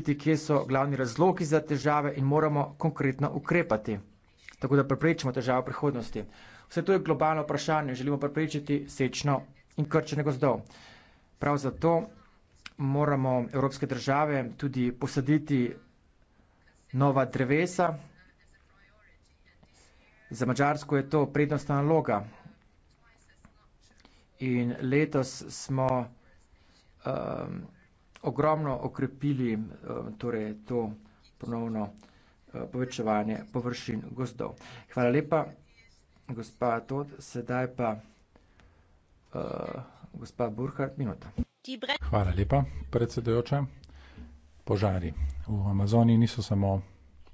videti, kje so glavni razlogi za težave in moramo konkretno ukrepati, tako da preprečimo težave v prihodnosti. Vse to je globalno vprašanje, želimo preprečiti sečno in krčenje gozdov. Prav zato moramo evropske države tudi posaditi nova drevesa. Za Mačarsko je to prednostna naloga. In letos smo um, ogromno okrepili eh, torej to ponovno eh, povečevanje površin gozdov. Hvala lepa, gospa Tod, sedaj pa uh, gospa Burhard, minuta. Hvala lepa, predsedujoča. Požari v Amazoniji niso samo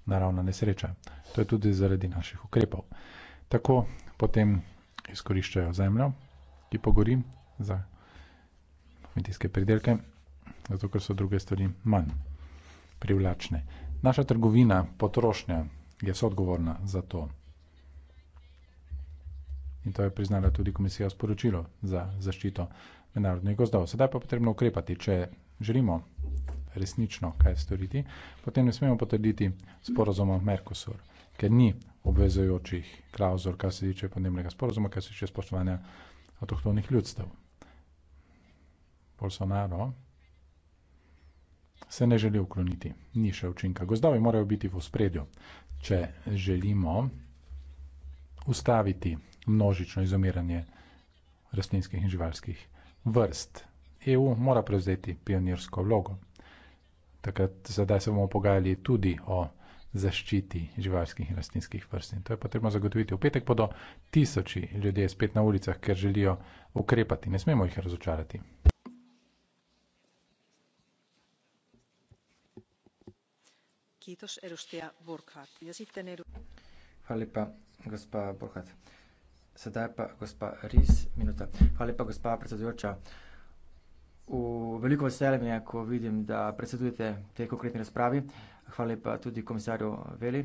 naravna nesreča, to je tudi zaradi naših ukrepov. Tako potem izkoriščajo zemljo, ki pogori za kmetijske pridelke, zato ker so druge stvari manj privlačne. Naša trgovina, potrošnja je soodgovorna za to. In to je priznala tudi komisija sporočilo za zaščito mednarodnih gozdov. Sedaj pa je potrebno ukrepati, če želimo resnično kaj storiti, potem ne smemo potrditi sporozuma Mercosur, ker ni obvezujočih klauzul, kar se tiče podnebnega sporozuma, kar se tiče spoštovanja avtohtonih ljudstev. Bolsonaro, se ne želi ukloniti, ni še učinka. Gozdovi morajo biti v spredju, če želimo ustaviti množično izumiranje rastlinskih in živalskih vrst. EU mora prevzeti pionirsko vlogo. Takrat sedaj se bomo pogajali tudi o zaščiti živalskih in rastlinskih vrst. In to je potrebno zagotoviti. V petek bodo tisoči ljudje spet na ulicah, ker želijo ukrepati. Ne smemo jih razočarati. Ja predsedujoča. V veliko veselje mi je, ko vidim, da predsedujete tej konkretni razpravi. Hvala lepa tudi komisarju Veli.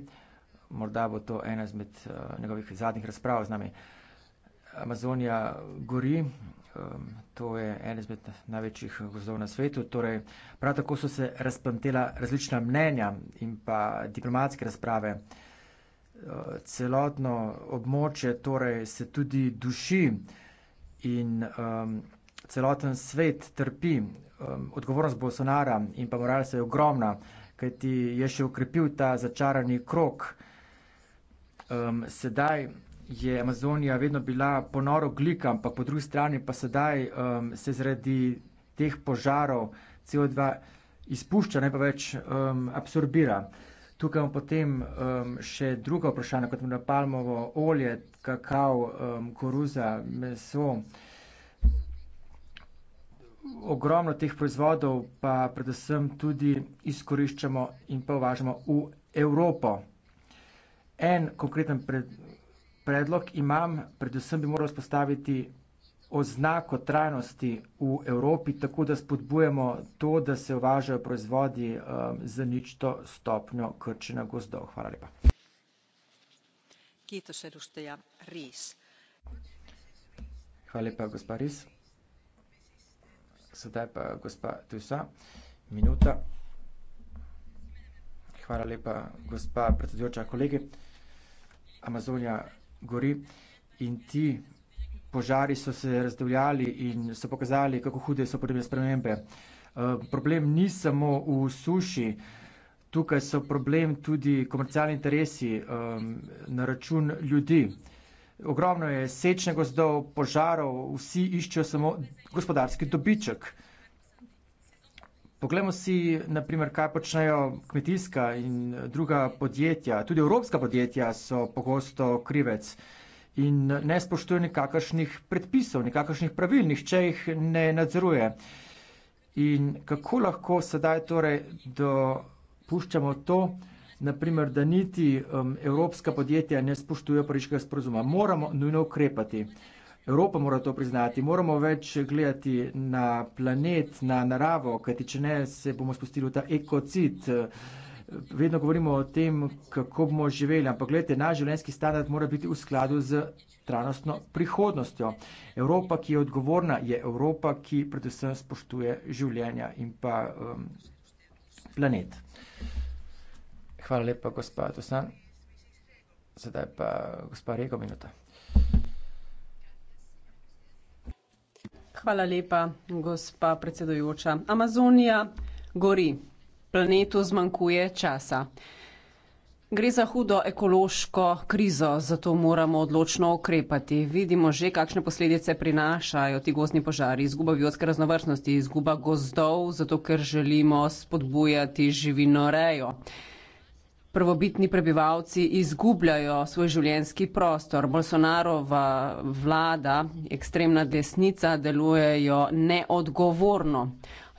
Morda bo to ena izmed eh, njegovih zadnjih razprav z nami. Amazonija gori, Um, to je en izmed največjih gozdov na svetu. Torej, prav tako so se razplamtela različna mnenja in pa diplomatske razprave. Uh, celotno območje torej, se tudi duši in um, celoten svet trpi. Um, odgovornost Bolsonara in pa moralstva je ogromna, kajti je še ukrepil ta začarani krok. Um, sedaj je Amazonija vedno bila ponoro glika, ampak po drugi strani pa sedaj um, se zaradi teh požarov CO2 izpušča, ne pa več um, absorbira. Tukaj imamo potem um, še druga vprašanja, kot na palmovo olje, kakav, um, koruza, meso. Ogromno teh proizvodov pa predvsem tudi izkoriščamo in pa uvažamo v Evropo. En konkreten pred, predlog imam, predvsem bi moral spostaviti oznako trajnosti v Evropi, tako da spodbujemo to, da se uvažajo proizvodi um, z ničto stopnjo krčenja gozdov. Hvala lepa. Hvala lepa, gospa Ries. Sedaj pa gospa Tusa, minuta. Hvala lepa, gospa predsedujoča, kolegi. Amazonija gori in ti požari so se razdavljali in so pokazali, kako hude so podnebne spremembe. Eh, problem ni samo v suši, tukaj so problem tudi komercialni interesi ehm, na račun ljudi. Ogromno je sečne gozdov, požarov, vsi iščejo samo gospodarski dobiček. Poglejmo si, naprimer, kaj počnejo kmetijska in druga podjetja. Tudi evropska podjetja so pogosto krivec in ne spoštujejo nikakršnih predpisov, nikakršnih pravil, nihče jih ne nadzoruje. In kako lahko sedaj torej dopuščamo to, naprimer, da niti um, evropska podjetja ne spoštujejo pariškega sporozuma? Moramo nujno ukrepati. Evropa mora to priznati, moramo več gledati na planet, na naravo, kajti če ne, se bomo spustili v ta ekocit. Vedno govorimo o tem, kako bomo živeli, ampak gledajte, naš življenjski standard mora biti v skladu z trajnostno prihodnostjo. Evropa, ki je odgovorna, je Evropa, ki predvsem spoštuje življenja in pa um, planet. Hvala lepa, gospod Tosan. Sedaj pa gospod Rego, minuta. Hvala lepa, gospa predsedujoča. Amazonija gori. Planetu zmanjkuje časa. Gre za hudo ekološko krizo, zato moramo odločno ukrepati. Vidimo že, kakšne posledice prinašajo ti gozni požari, izguba biotske raznovrstnosti, izguba gozdov, zato ker želimo spodbujati živinorejo prvobitni prebivalci izgubljajo svoj življenski prostor. Bolsonarova vlada, ekstremna desnica delujejo neodgovorno.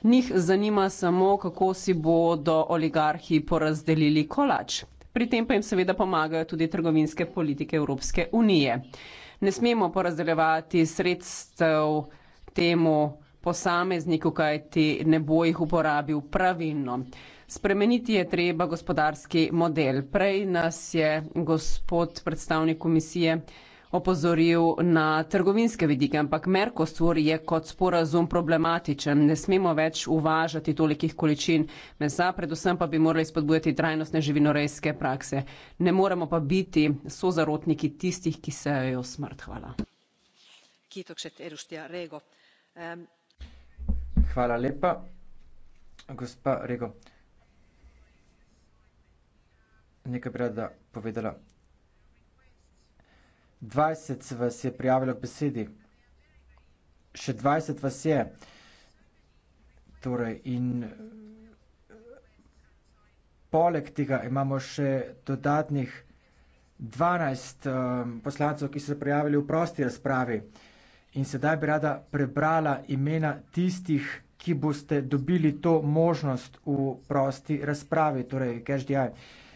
Njih zanima samo, kako si bodo oligarhi porazdelili kolač. Pri tem pa jim seveda pomagajo tudi trgovinske politike Evropske unije. Ne smemo porazdeljevati sredstev temu posamezniku, kajti ne bo jih uporabil pravilno. Spremeniti je treba gospodarski model. Prej nas je gospod predstavnik komisije opozoril na trgovinske vidike, ampak Merkosur je kot sporazum problematičen. Ne smemo več uvažati tolikih količin mesa, predvsem pa bi morali spodbujati trajnostne živinorejske prakse. Ne moremo pa biti sozarotniki tistih, ki sejajo smrt. Hvala. Hvala lepa, gospa Rego nekaj preda povedala. 20 vas je prijavilo k besedi. Še 20 vas je. Torej, in poleg tega imamo še dodatnih 12 um, poslancev, ki so se prijavili v prosti razpravi. In sedaj bi rada prebrala imena tistih, ki boste dobili to možnost v prosti razpravi, torej cash the eye.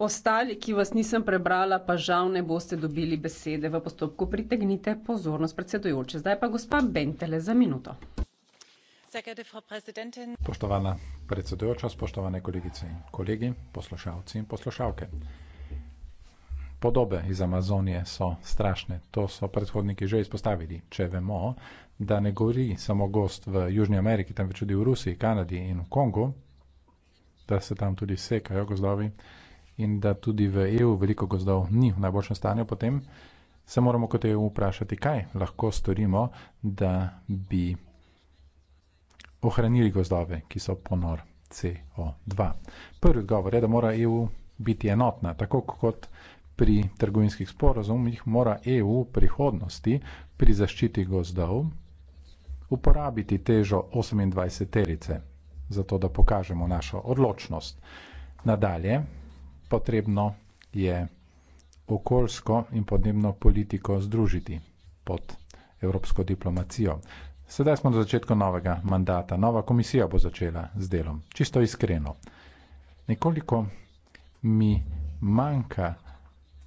Ostali, ki vas nisem prebrala, pa žal ne boste dobili besede v postopku. Pritegnite pozornost predsedujoče. Zdaj pa gospa Bentele za minuto. Spoštovana predsedujoča, spoštovane kolegice in kolegi, poslušalci in poslušalke. Podobe iz Amazonije so strašne, to so predhodniki že izpostavili. Če vemo, da ne govori samo gost v Južni Ameriki, temveč tudi v Rusiji, Kanadi in v Kongu, da se tam tudi sekajo gozdovi, in da tudi v EU veliko gozdov ni v najboljšem stanju, potem se moramo kot EU vprašati, kaj lahko storimo, da bi ohranili gozdove, ki so ponor CO2. Prvi odgovor je, da mora EU biti enotna, tako kot pri trgovinskih sporozumih mora EU v prihodnosti pri zaščiti gozdov uporabiti težo 28 terice, zato da pokažemo našo odločnost. Nadalje, potrebno je okoljsko in podnebno politiko združiti pod evropsko diplomacijo. Sedaj smo na začetku novega mandata. Nova komisija bo začela z delom. Čisto iskreno. Nekoliko mi manjka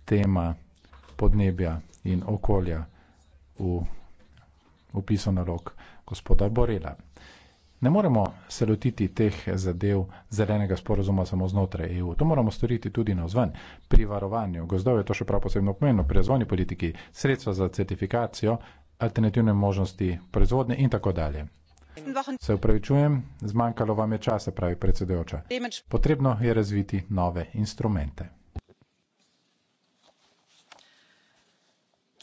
tema podnebja in okolja v upisano rok gospoda Borela. Ne moremo se lotiti teh zadev zelenega sporozuma samo znotraj EU. To moramo storiti tudi na vzven. Pri varovanju gozdov je to še prav posebno pomeno, pri razvojni politiki, sredstva za certifikacijo, alternativne možnosti proizvodne in tako dalje. Se upravičujem, zmanjkalo vam je časa, pravi predsedujoča. Potrebno je razviti nove instrumente.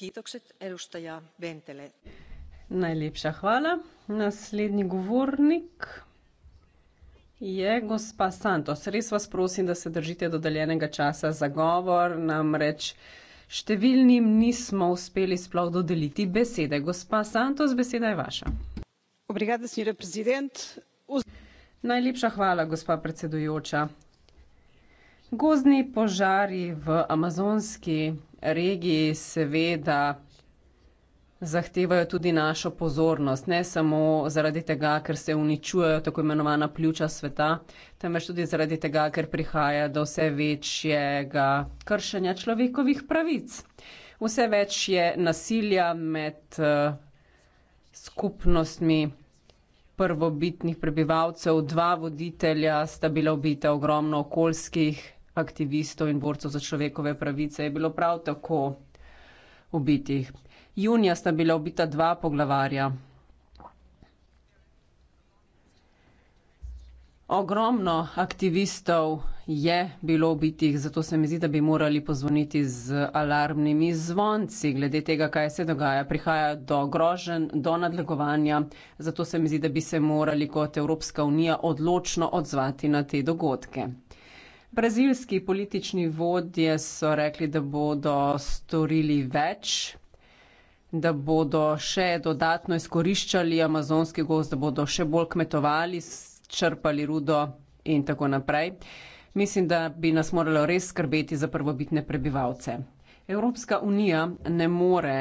Kitokset, Najlepša hvala. Naslednji govornik je gospa Santos. Res vas prosim, da se držite dodeljenega časa za govor, namreč številnim nismo uspeli sploh dodeliti besede. Gospa Santos, beseda je vaša. Obrigada, senjora prezident. Najlepša hvala, gospa predsedujoča. Gozdni požari v amazonski regiji seveda. Zahtevajo tudi našo pozornost, ne samo zaradi tega, ker se uničujejo tako imenovana pljuča sveta, temveč tudi zaradi tega, ker prihaja do vse večjega kršenja človekovih pravic. Vse več je nasilja med uh, skupnostmi prvobitnih prebivalcev, dva voditelja sta bila ubita, ogromno okoljskih aktivistov in borcev za človekove pravice je bilo prav tako ubitih. Junija sta bila ubita dva poglavarja. Ogromno aktivistov je bilo ubitih, zato se mi zdi, da bi morali pozvoniti z alarmnimi zvonci glede tega, kaj se dogaja. Prihaja do grožen, do nadlegovanja, zato se mi zdi, da bi se morali kot Evropska unija odločno odzvati na te dogodke. Brazilski politični vodje so rekli, da bodo storili več da bodo še dodatno izkoriščali amazonski gost, da bodo še bolj kmetovali, črpali rudo in tako naprej. Mislim, da bi nas moralo res skrbeti za prvobitne prebivalce. Evropska unija ne more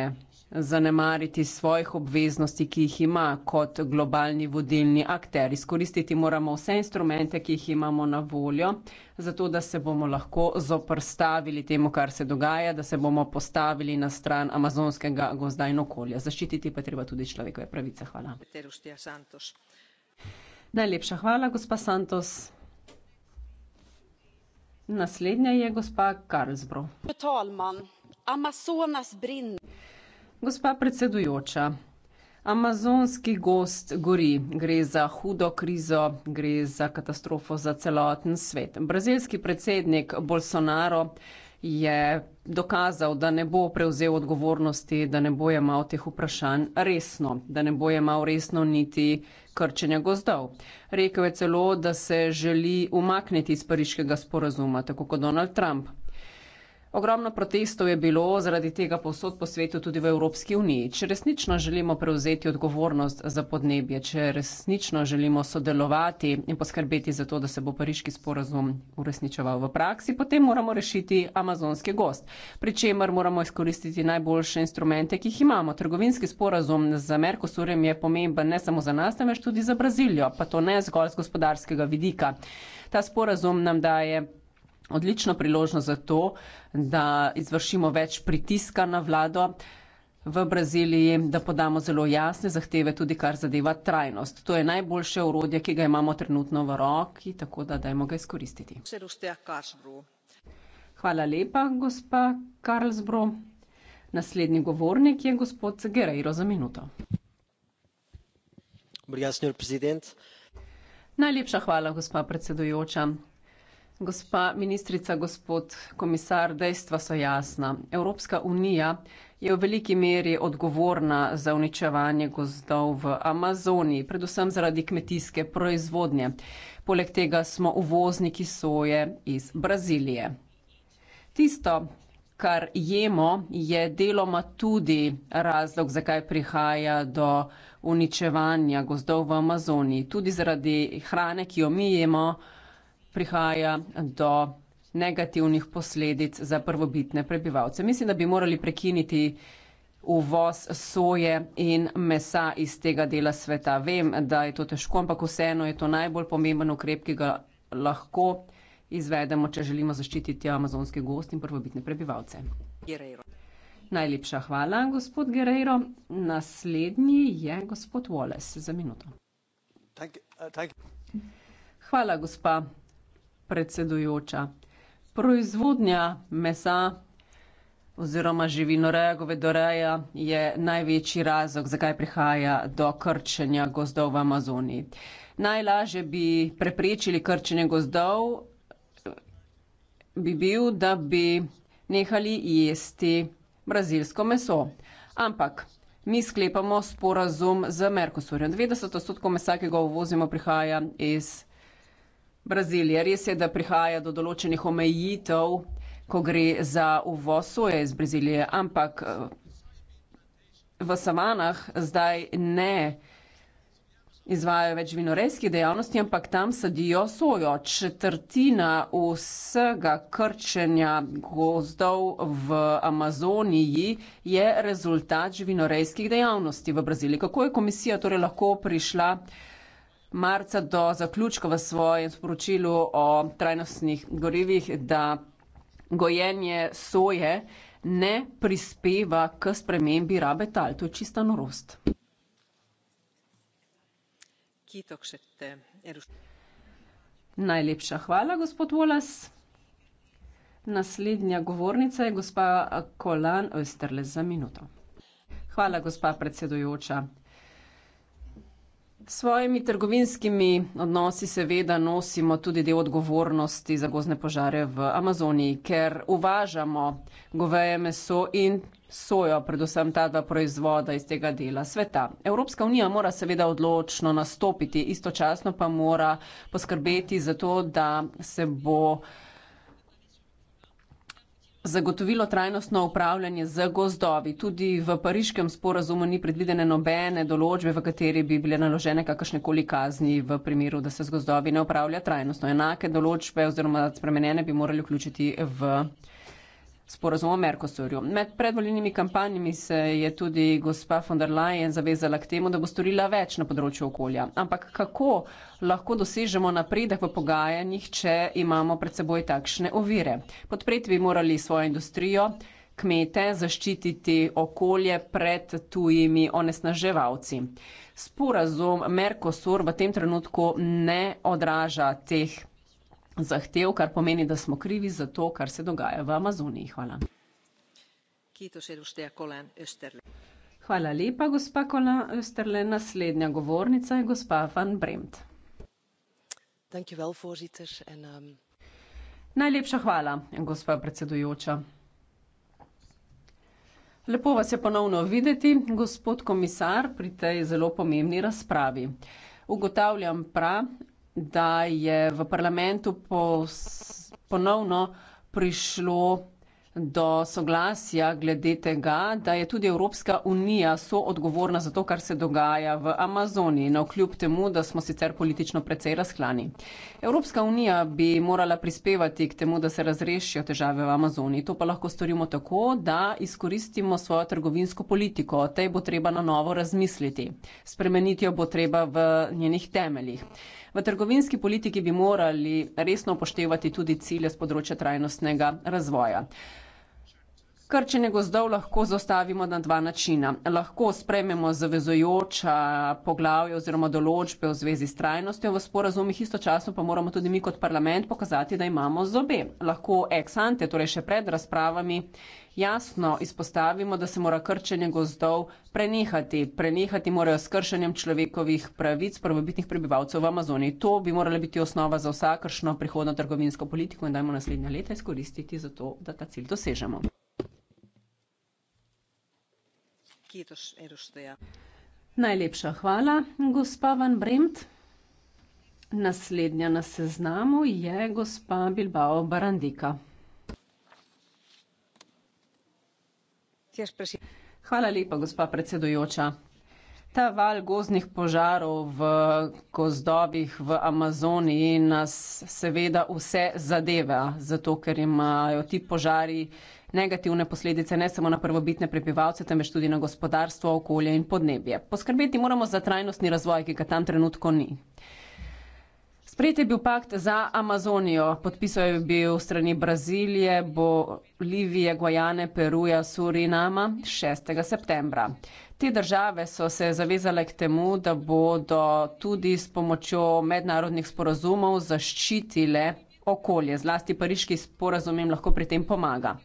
zanemariti svojih obveznosti, ki jih ima kot globalni vodilni akter. Izkoristiti moramo vse instrumente, ki jih imamo na voljo, zato da se bomo lahko zoprstavili temu, kar se dogaja, da se bomo postavili na stran amazonskega gozda in okolja. Zaščititi pa treba tudi človekove pravice. Hvala. Najlepša hvala, gospa Santos. Naslednja je gospa Karlsbro. Amazonas brinner. Gospa predsedujoča, amazonski gost gori, gre za hudo krizo, gre za katastrofo za celoten svet. Brazilski predsednik Bolsonaro je dokazal, da ne bo prevzel odgovornosti, da ne bo imel teh vprašanj resno, da ne bo imel resno niti krčenja gozdov. Rekel je celo, da se želi umakniti iz pariškega sporazuma, tako kot Donald Trump. Ogromno protestov je bilo zaradi tega povsod po svetu, tudi v Evropski uniji. Če resnično želimo prevzeti odgovornost za podnebje, če resnično želimo sodelovati in poskrbeti za to, da se bo pariški sporazum uresničeval v praksi, potem moramo rešiti amazonski gost, pri čemer moramo izkoristiti najboljše instrumente, ki jih imamo. Trgovinski sporazum z Merkosurjem je pomemben ne samo za nas, temveč tudi za Brazilijo, pa to ne zgolj z gospodarskega vidika. Ta sporazum nam daje odlično priložnost za to, da izvršimo več pritiska na vlado v Braziliji, da podamo zelo jasne zahteve tudi kar zadeva trajnost. To je najboljše urodje, ki ga imamo trenutno v roki, tako da dajmo ga izkoristiti. Hvala lepa, gospa Karlsbro. Naslednji govornik je gospod Gerejro za minuto. Najlepša hvala, gospa predsedujoča. Gospa ministrica, gospod komisar, dejstva so jasna. Evropska unija je v veliki meri odgovorna za uničevanje gozdov v Amazoniji, predvsem zaradi kmetijske proizvodnje. Poleg tega smo uvozniki soje iz Brazilije. Tisto, kar jemo, je deloma tudi razlog, zakaj prihaja do uničevanja gozdov v Amazoniji. Tudi zaradi hrane, ki jo mi jemo, prihaja do negativnih posledic za prvobitne prebivalce. Mislim, da bi morali prekiniti uvoz soje in mesa iz tega dela sveta. Vem, da je to težko, ampak vseeno je to najbolj pomemben ukrep, ki ga lahko izvedemo, če želimo zaščititi amazonski gost in prvobitne prebivalce. Gerejro. Najlepša hvala, gospod Gerejro. Naslednji je gospod Wallace za minuto. Thank you. Uh, thank you. Hvala, gospa predsedujoča. Proizvodnja mesa oziroma živinoreja, govedoreja je največji razlog, zakaj prihaja do krčenja gozdov v Amazoniji. Najlažje bi preprečili krčenje gozdov, bi bil, da bi nehali jesti brazilsko meso. Ampak mi sklepamo sporazum z Merkosurjem. 90 odstotkov mesa, ki ga uvozimo, prihaja iz Brazilija. Res je, da prihaja do določenih omejitev, ko gre za uvoz soje iz Brazilije, ampak eh, v savanah zdaj ne izvajajo več vinorejskih dejavnosti, ampak tam sadijo sojo. Četrtina vsega krčenja gozdov v Amazoniji je rezultat vinorejskih dejavnosti v Braziliji. Kako je komisija torej lahko prišla? marca do zaključka v svojem sporočilu o trajnostnih gorivih, da gojenje soje ne prispeva k spremembi rabe tal. To je čista norost. Najlepša hvala, gospod Wallace. Naslednja govornica je gospa Kolan Österle za minuto. Hvala, gospa predsedujoča. S svojimi trgovinskimi odnosi seveda nosimo tudi del odgovornosti za gozne požare v Amazoniji, ker uvažamo goveje meso in sojo, predvsem ta dva proizvoda iz tega dela sveta. Evropska unija mora seveda odločno nastopiti, istočasno pa mora poskrbeti za to, da se bo zagotovilo trajnostno upravljanje z gozdovi. Tudi v pariškem sporazumu ni predvidene nobene določbe, v kateri bi bile naložene kakršne koli kazni v primeru, da se z gozdovi ne upravlja trajnostno. Enake določbe oziroma spremenjene bi morali vključiti v sporozum o Mercosurju. Med predvoljenimi kampanjami se je tudi gospa von der Leyen zavezala k temu, da bo storila več na področju okolja. Ampak kako lahko dosežemo napredek v pogajanjih, če imamo pred seboj takšne ovire? Podpreti bi morali svojo industrijo, kmete, zaščititi okolje pred tujimi onesnaževalci. Sporazum Mercosur v tem trenutku ne odraža teh zahtev, kar pomeni, da smo krivi za to, kar se dogaja v Amazoniji. Hvala. Hvala lepa, gospa Kola Österle. Naslednja govornica je gospa Van Bremt. Ehm, Najlepša hvala, gospa predsedujoča. Lepo vas je ponovno videti, gospod komisar, pri tej zelo pomembni razpravi. Ugotavljam pa, da je v parlamentu ponovno prišlo do soglasja glede tega, da je tudi Evropska unija soodgovorna za to, kar se dogaja v Amazoniji, navkljub no, temu, da smo sicer politično precej razklani. Evropska unija bi morala prispevati k temu, da se razrešijo težave v Amazoniji. To pa lahko storimo tako, da izkoristimo svojo trgovinsko politiko. O tej bo treba na novo razmisliti. Spremeniti jo bo treba v njenih temeljih. V trgovinski politiki bi morali resno upoštevati tudi cilje z področja trajnostnega razvoja. Krčenje gozdov lahko zastavimo na dva načina. Lahko sprememo zavezojoča poglavja oziroma določbe v zvezi s trajnostjo v sporazumih, istočasno pa moramo tudi mi kot parlament pokazati, da imamo zobe. Lahko ex ante, torej še pred razpravami, jasno izpostavimo, da se mora krčenje gozdov prenehati. Prenehati morajo s krčenjem človekovih pravic prvobitnih prebivalcev v Amazoniji. To bi morala biti osnova za vsakršno prihodno trgovinsko politiko in dajmo naslednja leta izkoristiti za to, da ta cilj dosežemo. Ja. Najlepša hvala, gospa Van Bremt. Naslednja na seznamu je gospa Bilbao Barandika. Hvala lepa, gospa predsedujoča. Ta val gozdnih požarov v gozdovih v Amazoniji nas seveda vse zadeva, zato ker imajo ti požari negativne posledice ne samo na prvobitne prebivalce, temveč tudi na gospodarstvo, okolje in podnebje. Poskrbeti moramo za trajnostni razvoj, ki ga tam trenutko ni. Sprejet je bil pakt za Amazonijo, podpisal je bil strani Brazilije, Bolivije, Gojane, Peruja, Surinama 6. septembra. Te države so se zavezale k temu, da bodo tudi s pomočjo mednarodnih sporazumov zaščitile okolje. Zlasti pariški sporazum jim lahko pri tem pomaga.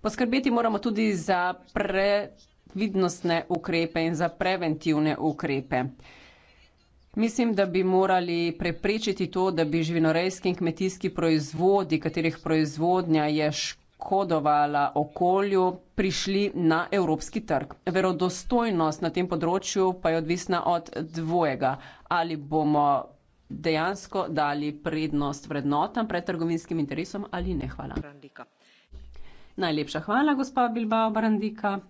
Poskrbeti moramo tudi za previdnostne ukrepe in za preventivne ukrepe. Mislim, da bi morali preprečiti to, da bi živinorejski in kmetijski proizvodi, katerih proizvodnja je škodovala okolju, prišli na evropski trg. Verodostojnost na tem področju pa je odvisna od dvojega. Ali bomo dejansko dali prednost vrednotam pred trgovinskim interesom ali ne. Hvala. Brandika. Najlepša hvala, gospa Bilbao Brandika.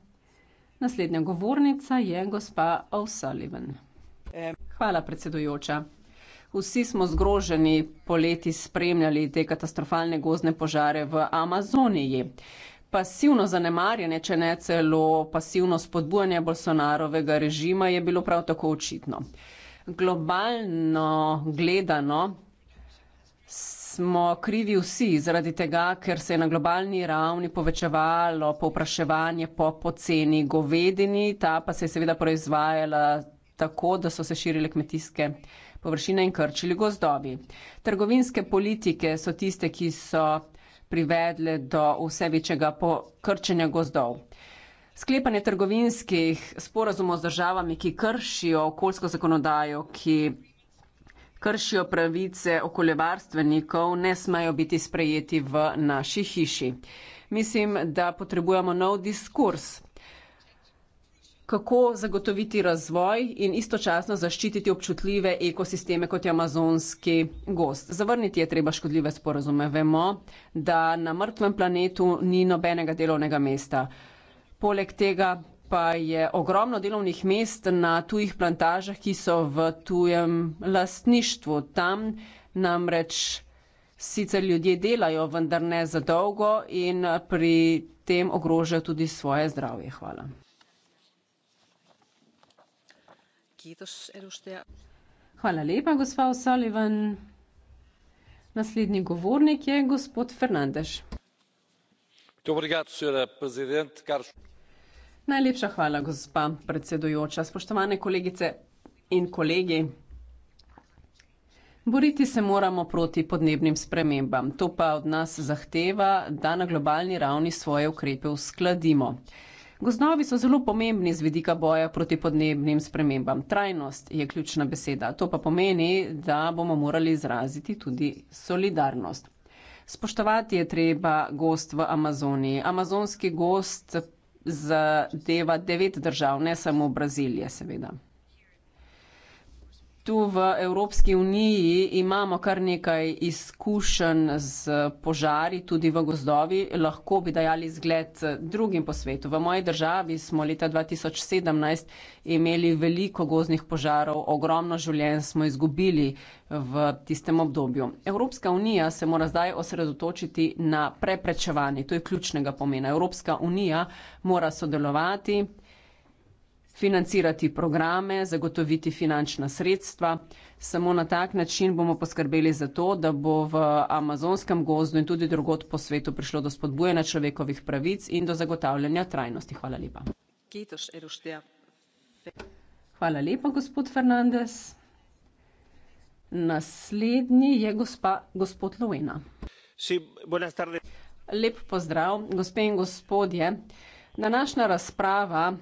Naslednja govornica je gospa O'Sullivan. Hvala, predsedujoča. Vsi smo zgroženi poleti spremljali te katastrofalne gozne požare v Amazoniji. Pasivno zanemarjanje, če ne celo pasivno spodbujanje Bolsonarovega režima je bilo prav tako očitno. Globalno gledano smo krivi vsi zaradi tega, ker se je na globalni ravni povečevalo povpraševanje po poceni govedini, ta pa se je seveda proizvajala tako, da so se širile kmetijske površine in krčili gozdovi. Trgovinske politike so tiste, ki so privedle do vse večjega krčenja gozdov. Sklepanje trgovinskih sporazumov z državami, ki kršijo okoljsko zakonodajo, ki kršijo pravice okoljevarstvenikov, ne smajo biti sprejeti v naši hiši. Mislim, da potrebujemo nov diskurs kako zagotoviti razvoj in istočasno zaščititi občutljive ekosisteme, kot je amazonski gost. Zavrniti je treba škodljive sporazume. Vemo, da na mrtvem planetu ni nobenega delovnega mesta. Poleg tega pa je ogromno delovnih mest na tujih plantažah, ki so v tujem lastništvu. Tam namreč sicer ljudje delajo, vendar ne za dolgo in pri tem ogrožajo tudi svoje zdravje. Hvala. Hvala lepa, gospa O'Sullivan. Naslednji govornik je gospod Fernandez. Najlepša hvala, gospa predsedujoča. Spoštovane kolegice in kolegi. Boriti se moramo proti podnebnim spremembam. To pa od nas zahteva, da na globalni ravni svoje ukrepe uskladimo. Gozdovi so zelo pomembni z vidika boja proti podnebnim spremembam. Trajnost je ključna beseda. To pa pomeni, da bomo morali izraziti tudi solidarnost. Spoštovati je treba gost v Amazoniji. Amazonski gost zadeva devet držav, ne samo Brazilije, seveda. Tu v Evropski uniji imamo kar nekaj izkušenj z požari, tudi v gozdovi. Lahko bi dajali zgled drugim po svetu. V moji državi smo leta 2017 imeli veliko gozdnih požarov, ogromno življenj smo izgubili v tistem obdobju. Evropska unija se mora zdaj osredotočiti na preprečevanje. To je ključnega pomena. Evropska unija mora sodelovati financirati programe, zagotoviti finančna sredstva. Samo na tak način bomo poskrbeli za to, da bo v amazonskem gozdu in tudi drugot po svetu prišlo do spodbujanja človekovih pravic in do zagotavljanja trajnosti. Hvala lepa. Hvala lepa, gospod Fernandez. Naslednji je gospa, gospod Lovena. Lep pozdrav, gospe in gospodje. Današnja razprava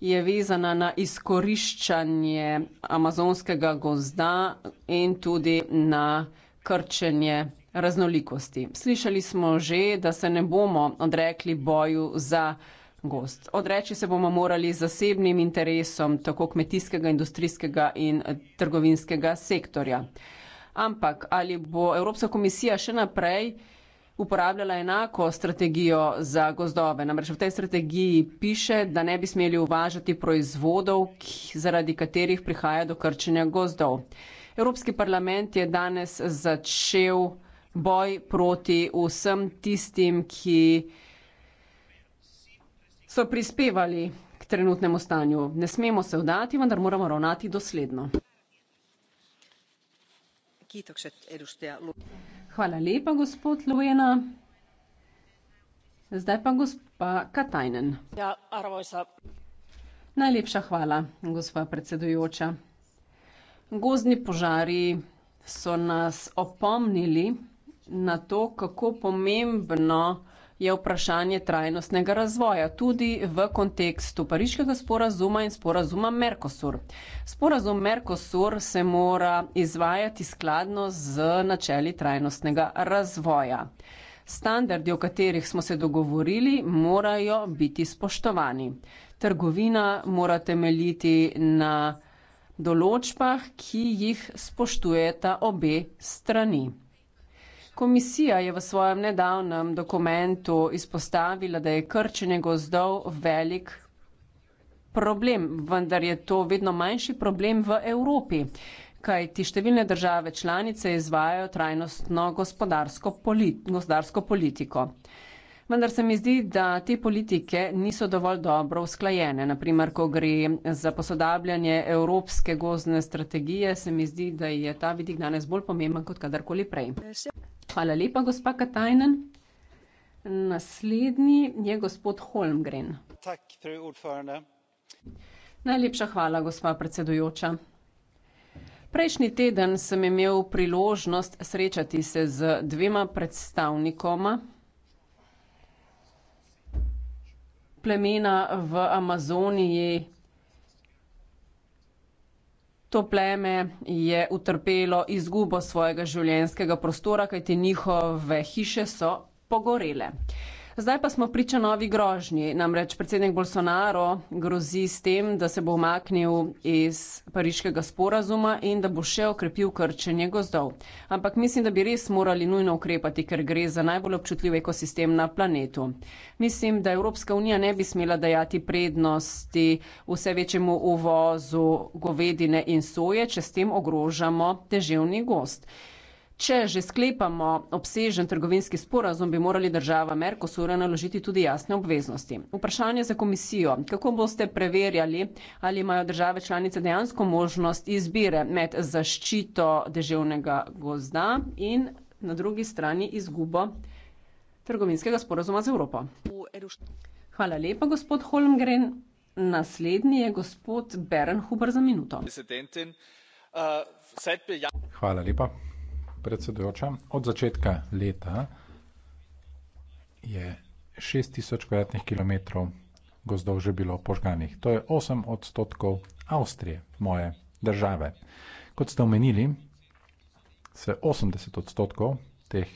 je vezana na izkoriščanje amazonskega gozda in tudi na krčenje raznolikosti. Slišali smo že, da se ne bomo odrekli boju za gost. Odreči se bomo morali zasebnim interesom tako kmetijskega, industrijskega in trgovinskega sektorja. Ampak ali bo Evropska komisija še naprej uporabljala enako strategijo za gozdove. Namreč v tej strategiji piše, da ne bi smeli uvažati proizvodov, zaradi katerih prihaja do krčenja gozdov. Evropski parlament je danes začel boj proti vsem tistim, ki so prispevali k trenutnemu stanju. Ne smemo se vdati, vendar moramo ravnati dosledno. Kiitokset, edustaja Lu. Hvala lepa, gospod Lovena. Zdaj pa gospa Katajnen. Ja, arvoisa. Najlepša hvala, gospa predsedujoča. Gozdni požari so nas opomnili na to, kako pomembno je vprašanje trajnostnega razvoja, tudi v kontekstu pariškega sporazuma in sporazuma Mercosur. Sporazum Mercosur se mora izvajati skladno z načeli trajnostnega razvoja. Standardi, o katerih smo se dogovorili, morajo biti spoštovani. Trgovina mora temeljiti na določbah, ki jih spoštujeta obe strani. Komisija je v svojem nedavnem dokumentu izpostavila, da je krčenje gozdov velik problem, vendar je to vedno manjši problem v Evropi, kajti številne države članice izvajajo trajnostno gospodarsko, polit gospodarsko politiko. Vendar se mi zdi, da te politike niso dovolj dobro usklajene. Naprimer, ko gre za posodabljanje evropske gozdne strategije, se mi zdi, da je ta vidik danes bolj pomemben kot kadarkoli prej. Hvala lepa, gospa Katajnen. Naslednji je gospod Holmgren. Tak, Najlepša hvala, gospa predsedujoča. Prejšnji teden sem imel priložnost srečati se z dvema predstavnikoma plemena v Amazoniji. To pleme je utrpelo izgubo svojega življenjskega prostora, kajti njihove hiše so pogorele. Zdaj pa smo priča novi grožnji. Namreč predsednik Bolsonaro grozi s tem, da se bo umaknil iz pariškega sporazuma in da bo še okrepil krčenje gozdov. Ampak mislim, da bi res morali nujno ukrepati, ker gre za najbolj občutljiv ekosistem na planetu. Mislim, da Evropska unija ne bi smela dajati prednosti vse večjemu uvozu govedine in soje, če s tem ogrožamo deževni gost. Če že sklepamo obsežen trgovinski sporazum, bi morali država Merkosura naložiti tudi jasne obveznosti. Vprašanje za komisijo. Kako boste preverjali, ali imajo države članice dejansko možnost izbire med zaščito deževnega gozda in na drugi strani izgubo trgovinskega sporazuma z Evropo? Hvala lepa, gospod Holmgren. Naslednji je gospod Bernhuber za minuto. Eh, Hvala lepa predsedujoča. Od začetka leta je 6000 kvadratnih kilometrov gozdov že bilo požganih. To je 8 odstotkov Avstrije, moje države. Kot ste omenili, se 80 odstotkov teh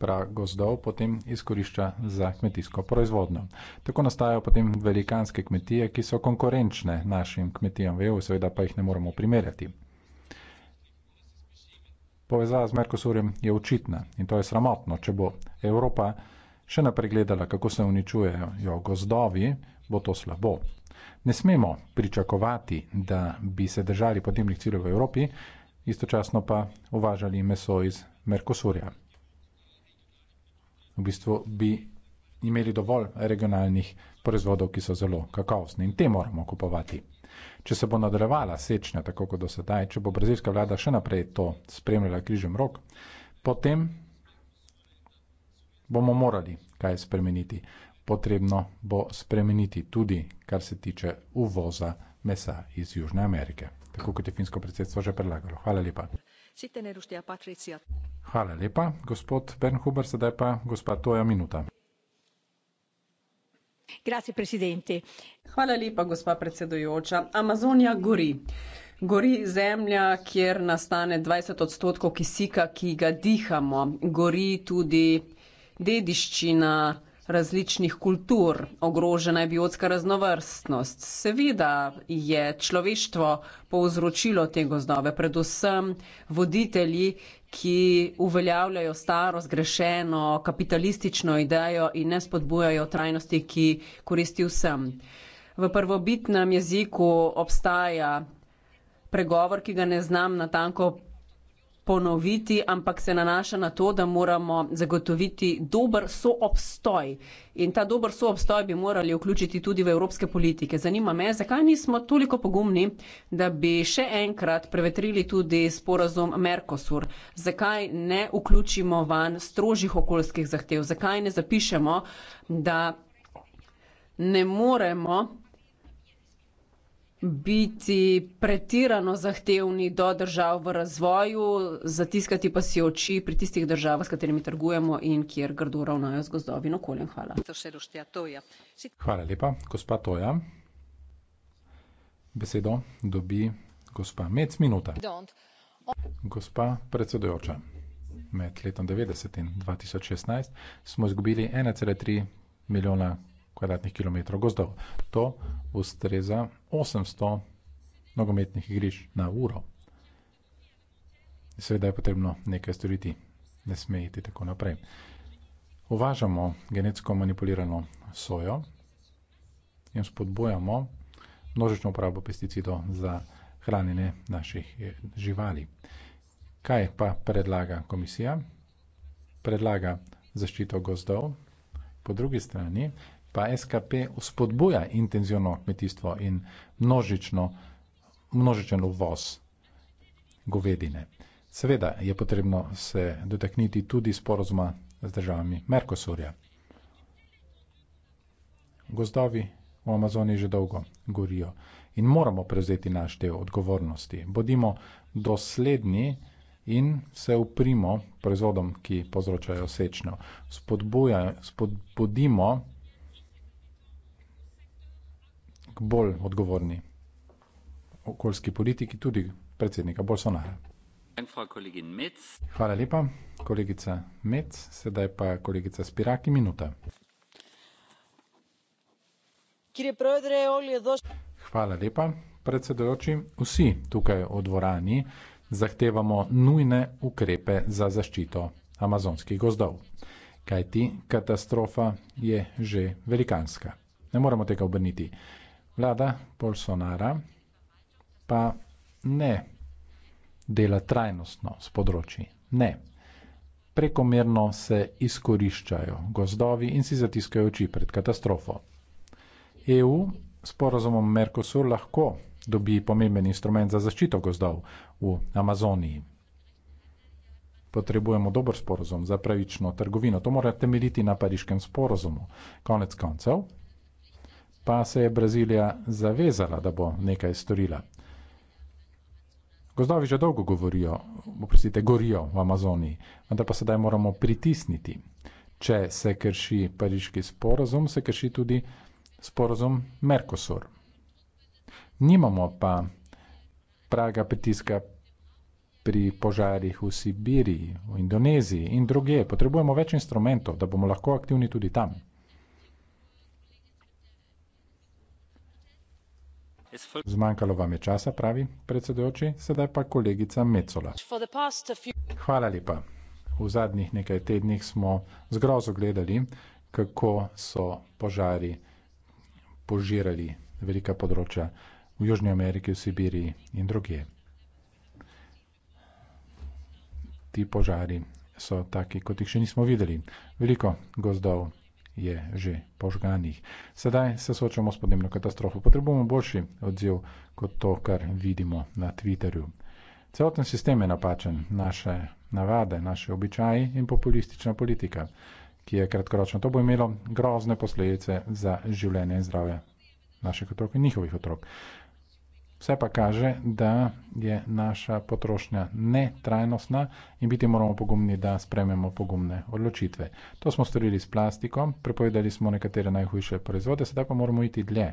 prav gozdov potem izkorišča za kmetijsko proizvodno. Tako nastajajo potem velikanske kmetije, ki so konkurenčne našim kmetijam v EU, seveda pa jih ne moremo primerjati. Povezava z Merkosurjem je očitna in to je sramotno. Če bo Evropa še naprej gledala, kako se uničujejo gozdovi, bo to slabo. Ne smemo pričakovati, da bi se držali podnebnih ciljev v Evropi, istočasno pa uvažali meso iz Merkosurja. V bistvu bi imeli dovolj regionalnih proizvodov, ki so zelo kakovostni in te moramo kupovati če se bo nadaljevala sečnja, tako kot do sedaj, če bo brazilska vlada še naprej to spremljala križem rok, potem bomo morali kaj spremeniti. Potrebno bo spremeniti tudi, kar se tiče uvoza mesa iz Južne Amerike, tako kot je finsko predsedstvo že predlagalo. Hvala lepa. Hvala lepa, gospod Bernhuber, sedaj pa gospod Toja Minuta. Hvala lepa, gospa predsedujoča. Amazonija gori. Gori zemlja, kjer nastane 20 odstotkov kisika, ki ga dihamo. Gori tudi dediščina različnih kultur, ogrožena je biotska raznovrstnost. Seveda je človeštvo povzročilo te gozdove, predvsem voditelji, ki uveljavljajo staro, zgrešeno, kapitalistično idejo in ne spodbujajo trajnosti, ki koristi vsem. V prvobitnem jeziku obstaja pregovor, ki ga ne znam natanko ponoviti, ampak se nanaša na to, da moramo zagotoviti dober soobstoj. In ta dober soobstoj bi morali vključiti tudi v evropske politike. Zanima me, zakaj nismo toliko pogumni, da bi še enkrat prevetrili tudi sporazum Merkosur? Zakaj ne vključimo van strožjih okoljskih zahtev? Zakaj ne zapišemo, da ne moremo biti pretirano zahtevni do držav v razvoju, zatiskati pa si oči pri tistih državah, s katerimi trgujemo in kjer grdo ravnajo z gozdovi in okoljem. Hvala. Hvala lepa, gospa Toja. Besedo dobi gospa Med minuta. Gospa predsedojoča, med letom 90 in 2016 smo izgubili 1,3 milijona kvadratnih kilometrov gozdov. To ustreza 800 nogometnih igrišč na uro. Seveda je potrebno nekaj storiti, ne smejiti tako naprej. Uvažamo genetsko manipulirano sojo in spodbojamo množično uporabo pesticidov za hranjenje naših eh, živali. Kaj pa predlaga komisija? Predlaga zaščito gozdov, po drugi strani pa SKP spodbuja intenzivno kmetijstvo in množično, množičen uvoz govedine. Seveda je potrebno se dotakniti tudi sporozuma z državami Merkosurja. Gozdovi v Amazoniji že dolgo gorijo in moramo prevzeti naš del odgovornosti. Bodimo dosledni in se uprimo proizvodom, ki povzročajo sečno. Spodbuja, spodbudimo k bolj odgovorni okoljski politiki, tudi predsednika Bolsonara. Hvala lepa, kolegica Metz, sedaj pa kolegica Spiraki, minuta. Hvala lepa, predsedojoči. Vsi tukaj v dvorani zahtevamo nujne ukrepe za zaščito amazonskih gozdov. Kajti katastrofa je že velikanska. Ne moremo tega obrniti vlada Bolsonara pa ne dela trajnostno s področji. Ne. Prekomerno se izkoriščajo gozdovi in si zatiskajo oči pred katastrofo. EU s porazumom Mercosur lahko dobi pomemben instrument za zaščito gozdov v Amazoniji. Potrebujemo dober sporozum za pravično trgovino. To mora temeljiti na pariškem sporozumu. Konec koncev, pa se je Brazilija zavezala, da bo nekaj storila. Gozdovi že dolgo govorijo, oprostite, gorijo v Amazoniji, vendar pa sedaj moramo pritisniti. Če se krši pariški sporozum, se krši tudi sporozum Mercosur. Nimamo pa praga pritiska pri požarih v Sibiriji, v Indoneziji in druge. Potrebujemo več instrumentov, da bomo lahko aktivni tudi tam. Zmanjkalo vam je časa, pravi predsedujoči, sedaj pa kolegica Mecola. Hvala lepa. V zadnjih nekaj tednih smo zgrozo gledali, kako so požari požirali velika področja v Južni Ameriki, v Sibiriji in druge. Ti požari so taki, kot jih še nismo videli. Veliko gozdov je že požganih. Sedaj se soočamo s podnebno katastrofo. Potrebujemo boljši odziv kot to, kar vidimo na Twitterju. Celoten sistem je napačen, naše navade, naše običaji in populistična politika, ki je kratkoročno. To bo imelo grozne posledice za življenje in zdravje naših otrok in njihovih otrok. Vse pa kaže, da je naša potrošnja netrajnostna in biti moramo pogumni, da sprememo pogumne odločitve. To smo storili s plastikom, prepovedali smo nekatere najhujše proizvode, sedaj pa moramo iti dlje.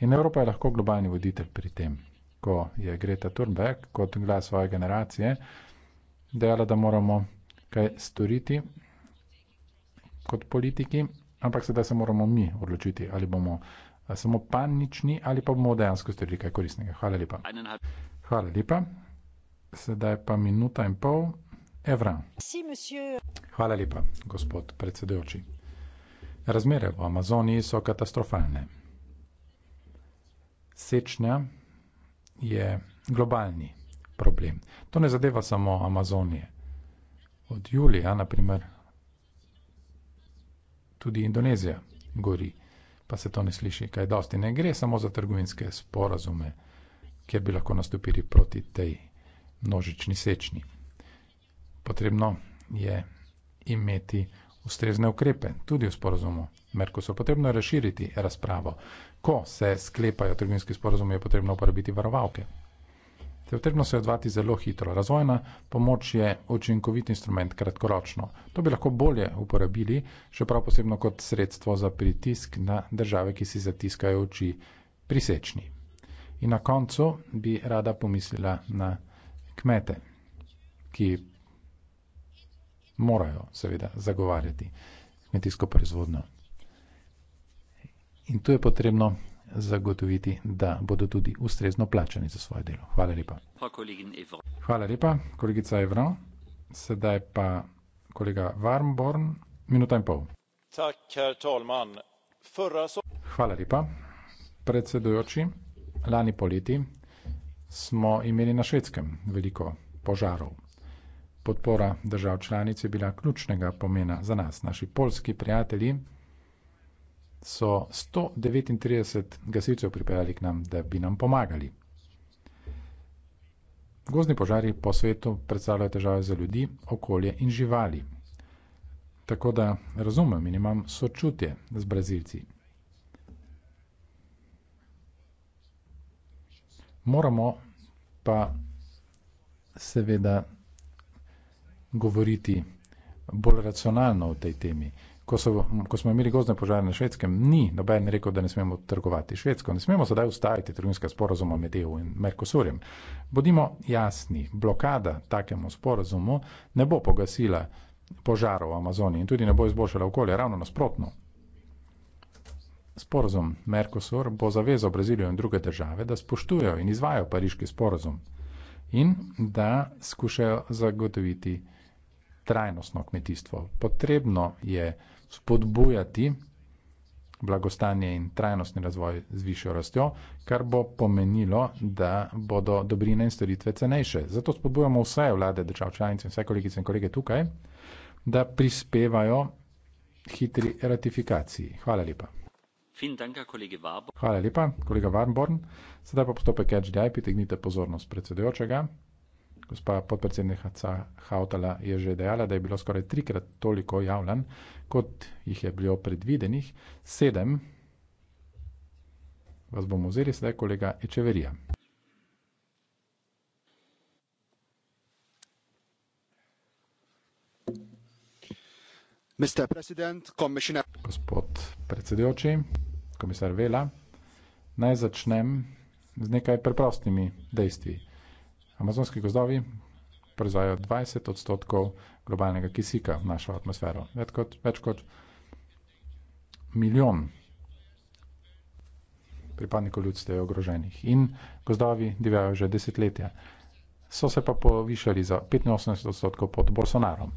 In Evropa je lahko globalni voditelj pri tem, ko je Greta Thunberg kot glas svoje generacije dejala, da moramo kaj storiti kot politiki, ampak sedaj se moramo mi odločiti, ali bomo A samo panični ali pa bomo dejansko storili kaj koristnega. Hvala lepa. Hvala lepa. Sedaj pa minuta in pol. Evra. Hvala lepa, gospod predsedujoči. Razmere v Amazoniji so katastrofalne. Sečnja je globalni problem. To ne zadeva samo Amazonije. Od julija, naprimer, tudi Indonezija gori pa se to ne sliši kaj dosti. Ne gre samo za trgovinske sporazume, kjer bi lahko nastopili proti tej množični sečni. Potrebno je imeti ustrezne ukrepe, tudi v sporazumu Merkosov. Potrebno je razširiti razpravo. Ko se sklepajo trgovinski sporazumi, je potrebno uporabiti varovalke. Potrebno se je odvati zelo hitro. Razvojna pomoč je učinkovit instrument kratkoročno. To bi lahko bolje uporabili, še prav posebno kot sredstvo za pritisk na države, ki si zatiskajo oči prisečni. In na koncu bi rada pomislila na kmete, ki morajo seveda zagovarjati kmetijsko proizvodnjo. In tu je potrebno zagotoviti, da bodo tudi ustrezno plačani za svoje delo. Hvala lepa. Hvala lepa, kolegica Evro. Sedaj pa kolega Varmborn, minuta in pol. Hvala lepa. Predsedujoči, lani poleti smo imeli na švedskem veliko požarov. Podpora držav članic je bila ključnega pomena za nas, naši polski prijatelji so 139 gasilcev pripeljali k nam, da bi nam pomagali. Gozni požari po svetu predstavljajo težave za ljudi, okolje in živali. Tako da razumem in imam sočutje z Brazilci. Moramo pa seveda govoriti bolj racionalno o tej temi ko, so, ko smo imeli gozdne požare na švedskem, ni noben rekel, da ne smemo trgovati švedsko, ne smemo sedaj ustaviti trgovinska sporozuma med EU in Merkosurjem. Bodimo jasni, blokada takemu sporozumu ne bo pogasila požarov v Amazoniji in tudi ne bo izboljšala okolje, ravno nasprotno. Sporozum Merkosur bo zavezal Brazilijo in druge države, da spoštujejo in izvajo pariški sporozum in da skušajo zagotoviti trajnostno kmetijstvo. Potrebno je spodbujati blagostanje in trajnostni razvoj z višjo rastjo, kar bo pomenilo, da bodo dobrine in storitve cenejše. Zato spodbujamo vse vlade držav članic in vse kolegice in kolege tukaj, da prispevajo hitri ratifikaciji. Hvala lepa. Hvala lepa, kolega Warnborn. Sedaj pa postopek HDI, pritegnite pozornost predsedujočega gospa podpredsednica Hautala je že dejala, da je bilo skoraj trikrat toliko javljan, kot jih je bilo predvidenih. Sedem vas bomo vzeli sedaj, kolega Ečeverija. Gospod predsedujoči, komisar Vela, naj začnem z nekaj preprostimi dejstvi. Amazonski gozdovi proizvajajo 20 odstotkov globalnega kisika v našo atmosfero. Več kot, več kot milijon pripadnikov ljudstva je ogroženih. In gozdovi divjajo že desetletja. So se pa povišali za 85 odstotkov pod Bolsonarom.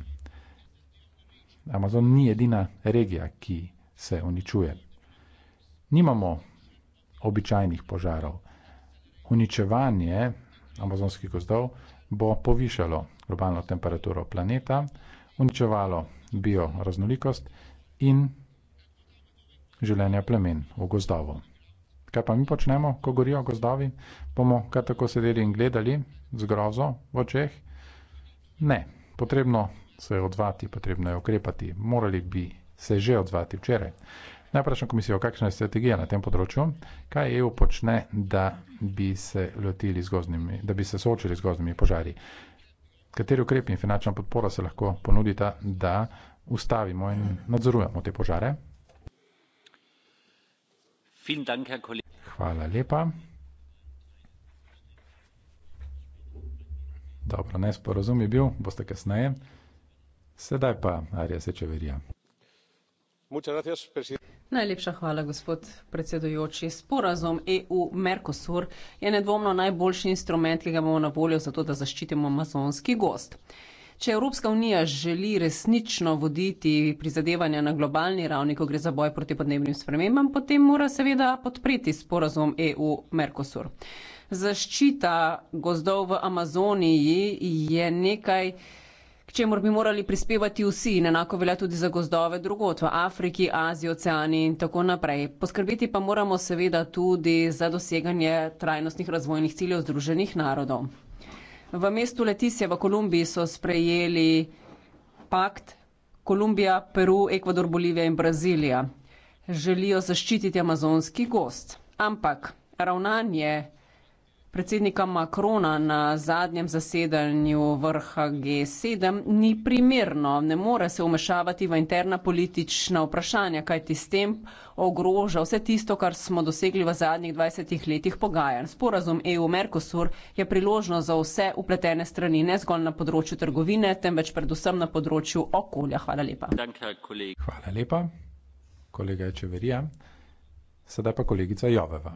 Amazon ni edina regija, ki se uničuje. Nimamo običajnih požarov. Uničevanje amazonskih gozdov, bo povišalo globalno temperaturo planeta, uničevalo bioraznolikost in življenje plemen v gozdovu. Kaj pa mi počnemo, ko gorijo gozdovi? Bomo kar tako sedeli in gledali z grozo v očeh? Ne, potrebno se je odzvati, potrebno je ukrepati. Morali bi se že odzvati včeraj. Najprej na komisijo, kakšna je strategija na tem področju, kaj EU počne, da bi se lotili z gozdnimi, da bi se soočili z gozdnimi požari. Kateri ukrepi in finančna podpora se lahko ponudita, da ustavimo in nadzorujemo te požare? Hvala lepa. Dobro, nesporazum je bil, boste kasneje. Sedaj pa Arija Sečeverija. Najlepša hvala, gospod predsedujoči. Sporazum EU Mercosur je nedvomno najboljši instrument, ki ga imamo na voljo zato, da zaščitimo amazonski gozd. Če Evropska unija želi resnično voditi prizadevanja na globalni ravni, ko gre za boj proti podnebnim spremembam, potem mora seveda podpreti sporazum EU Mercosur. Zaščita gozdov v Amazoniji je nekaj, čemur bi morali prispevati vsi in enako velja tudi za gozdove drugot v Afriki, Aziji, Oceani in tako naprej. Poskrbeti pa moramo seveda tudi za doseganje trajnostnih razvojnih ciljev Združenih narodov. V mestu Leticia v Kolumbiji so sprejeli pakt Kolumbija, Peru, Ekvador, Bolivija in Brazilija. Želijo zaščititi amazonski gost. Ampak ravnanje predsednika Makrona na zadnjem zasedanju vrha G7 ni primerno. Ne more se umešavati v interna politična vprašanja, kajti s tem ogroža vse tisto, kar smo dosegli v zadnjih 20 letih pogajanj. Sporazum EU-Mercosur je priložno za vse upletene strani, ne zgolj na področju trgovine, temveč predvsem na področju okolja. Hvala lepa. Hvala lepa, kolega Čeverija. Sedaj pa kolegica Joveva.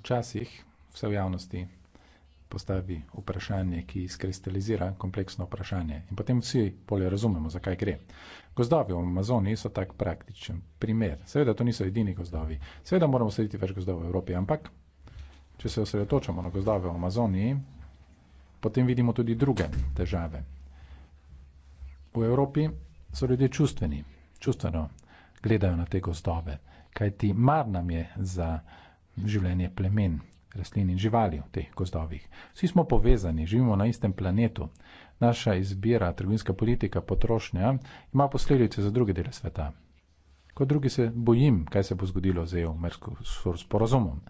včasih vse v javnosti postavi vprašanje, ki izkristalizira kompleksno vprašanje in potem vsi bolje razumemo, zakaj gre. Gozdovi v Amazoniji so tak praktičen primer. Seveda to niso edini gozdovi. Seveda moramo slediti več gozdov v Evropi, ampak če se osredotočamo na gozdove v Amazoniji, potem vidimo tudi druge težave. V Evropi so ljudje čustveni, čustveno gledajo na te gozdove, kajti mar nam je za življenje plemen, rastlin in živali v teh gozdovih. Vsi smo povezani, živimo na istem planetu. Naša izbira, trgovinska politika, potrošnja ima posledice za druge dele sveta. Kot drugi se bojim, kaj se bo zgodilo z EU-Merskosur sporozumom.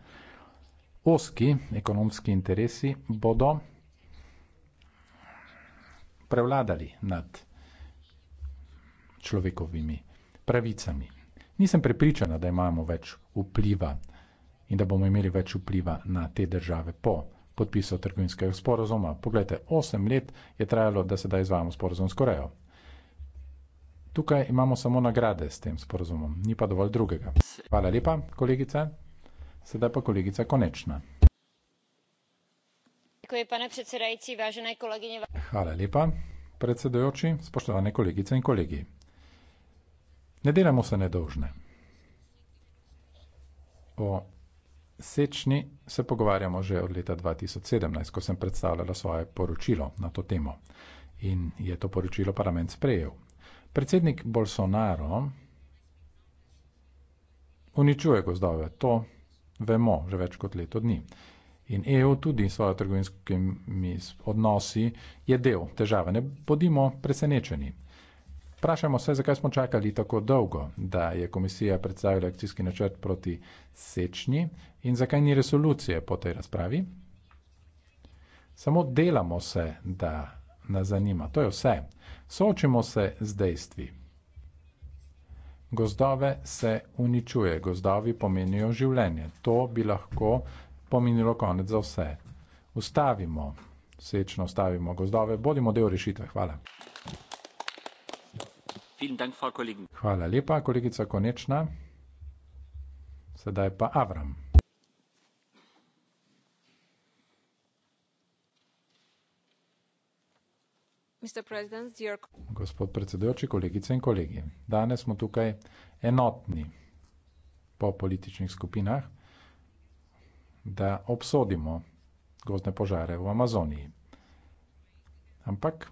Oski ekonomski interesi bodo prevladali nad človekovimi pravicami. Nisem prepričana, da imamo več vpliva in da bomo imeli več vpliva na te države po podpisu trgovinskega sporozuma. Poglejte, 8 let je trajalo, da sedaj izvajamo sporozum s Korejo. Tukaj imamo samo nagrade s tem sporozumom, ni pa dovolj drugega. Hvala lepa, kolegica. Sedaj pa kolegica Konečna. Děkuji, pane predsedajúci, vážené kolegyne. Hvala lepa, predsedajúci, spoštovane kolegice in kolegi. Ne delamo se nedolžne. O sečni se pogovarjamo že od leta 2017, ko sem predstavljala svoje poročilo na to temo. In je to poročilo parlament sprejel. Predsednik Bolsonaro uničuje gozdove, to vemo že več kot leto dni. In EU tudi s svojo trgovinskimi odnosi je del težave. Ne bodimo presenečeni. Vprašamo se, zakaj smo čakali tako dolgo, da je komisija predstavila akcijski načrt proti sečni in zakaj ni resolucije po tej razpravi. Samo delamo se, da nas zanima. To je vse. Soočimo se z dejstvi. Gozdove se uničuje, gozdovi pomenijo življenje. To bi lahko pomenilo konec za vse. Ustavimo, sečno ustavimo gozdove, bodimo del rešitve. Hvala. Hvala lepa, kolegica Konečna. Sedaj pa Avram. Gospod predsedujoči, kolegice in kolegi. Danes smo tukaj enotni po političnih skupinah, da obsodimo gozdne požare v Amazoniji. Ampak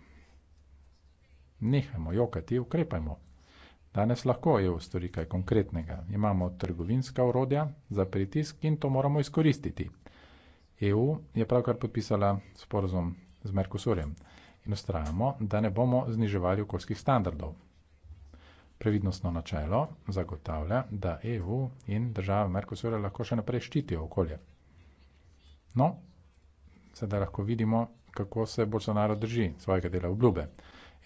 Nehajmo jokati, ukrepajmo. Danes lahko EU stori kaj konkretnega. Imamo trgovinska urodja za pritisk in to moramo izkoristiti. EU je pravkar podpisala sporozum z Merkusurjem in ustrajamo, da ne bomo zniževali okoljskih standardov. Previdnostno načelo zagotavlja, da EU in države Merkusurja lahko še naprej ščitijo okolje. No, sedaj lahko vidimo, kako se Bolsonaro drži svojega dela obljube.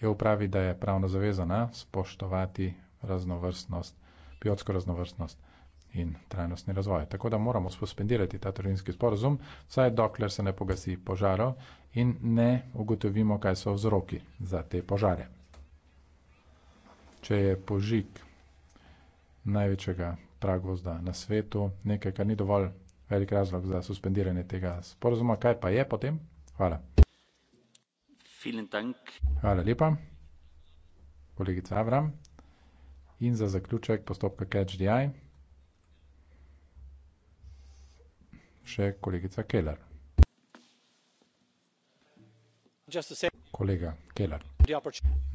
EU pravi, da je pravno zavezana spoštovati raznovrstnost, biotsko raznovrstnost in trajnostni razvoj. Tako da moramo suspendirati ta trgovinski sporozum, saj dokler se ne pogasi požarov in ne ugotovimo, kaj so vzroki za te požare. Če je požig največjega pragozda na svetu, nekaj, kar ni dovolj velik razlog za suspendiranje tega sporozuma, kaj pa je potem? Hvala. Hvala lepa, kolegica Avram. In za zaključek postopka CatchDI, še kolegica Keller. Kolega Keller.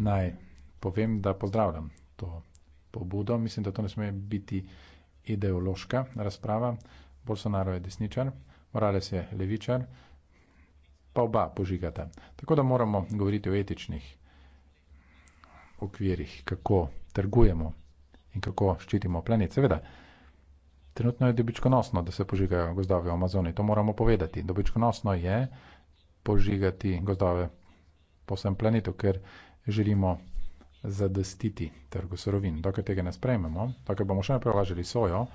Naj povem, da pozdravljam to pobudo. Mislim, da to ne sme biti ideološka razprava. Bolsonaro je desničar, Morales je levičar pa oba požigata. Tako da moramo govoriti o etičnih okvirih, kako trgujemo in kako ščitimo planet. Seveda, trenutno je dobičkonosno, da se požigajo gozdove v Amazoni. To moramo povedati. Dobičkonosno je požigati gozdove po vsem planetu, ker želimo zadostiti trgu sorovin. Dokaj tega ne sprejmemo, dokaj bomo še naprej vlažili sojo,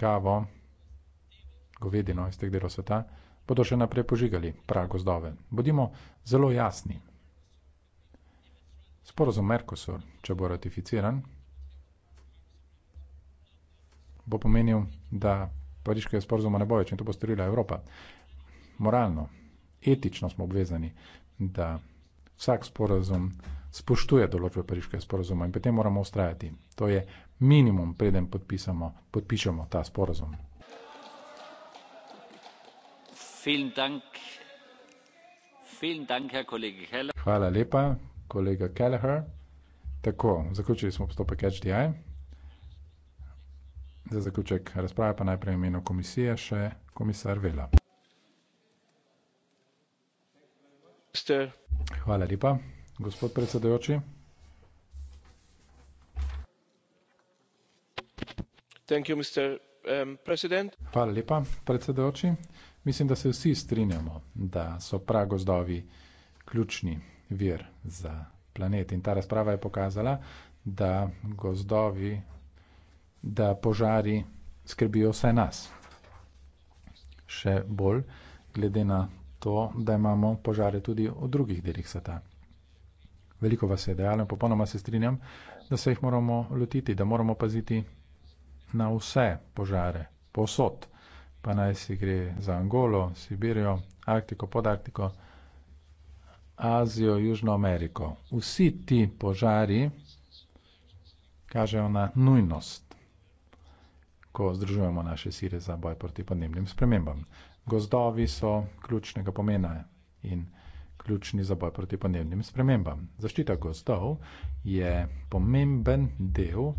kavo, govedino iz teh delov sveta, bodo še naprej požigali pragozdove. Bodimo zelo jasni. Sporozum Merkosur, če bo ratificiran, bo pomenil, da pariškega sporozuma ne bo več in to bo storila Evropa. Moralno, etično smo obvezani, da vsak sporozum spoštuje določbe pariškega sporozuma in potem moramo ustrajati. To je minimum, preden podpisamo, podpišemo ta sporozum. Hvala lepa, kolega Kelleher. Tako, zaključili smo postopek HDI. Za zaključek razprave pa najprej v imenu komisije še komisar Vella. Hvala lepa, gospod predsedujoči. Um, Hvala lepa, predsedujoči. Mislim, da se vsi strinjamo, da so pragozdovi ključni vir za planet. In ta razprava je pokazala, da gozdovi, da požari skrbijo vse nas. Še bolj glede na to, da imamo požare tudi v drugih delih sveta. Veliko vas je dejalo in popolnoma se strinjam, da se jih moramo lotiti, da moramo paziti na vse požare, posod. Po pa naj si gre za Angolo, Sibirijo, Arktiko, Podarktiko, Azijo, Južno Ameriko. Vsi ti požari kažejo na nujnost, ko združujemo naše sile za boj proti podnebnim spremembam. Gozdovi so ključnega pomena in ključni za boj proti podnebnim spremembam. Zaščita gozdov je pomemben del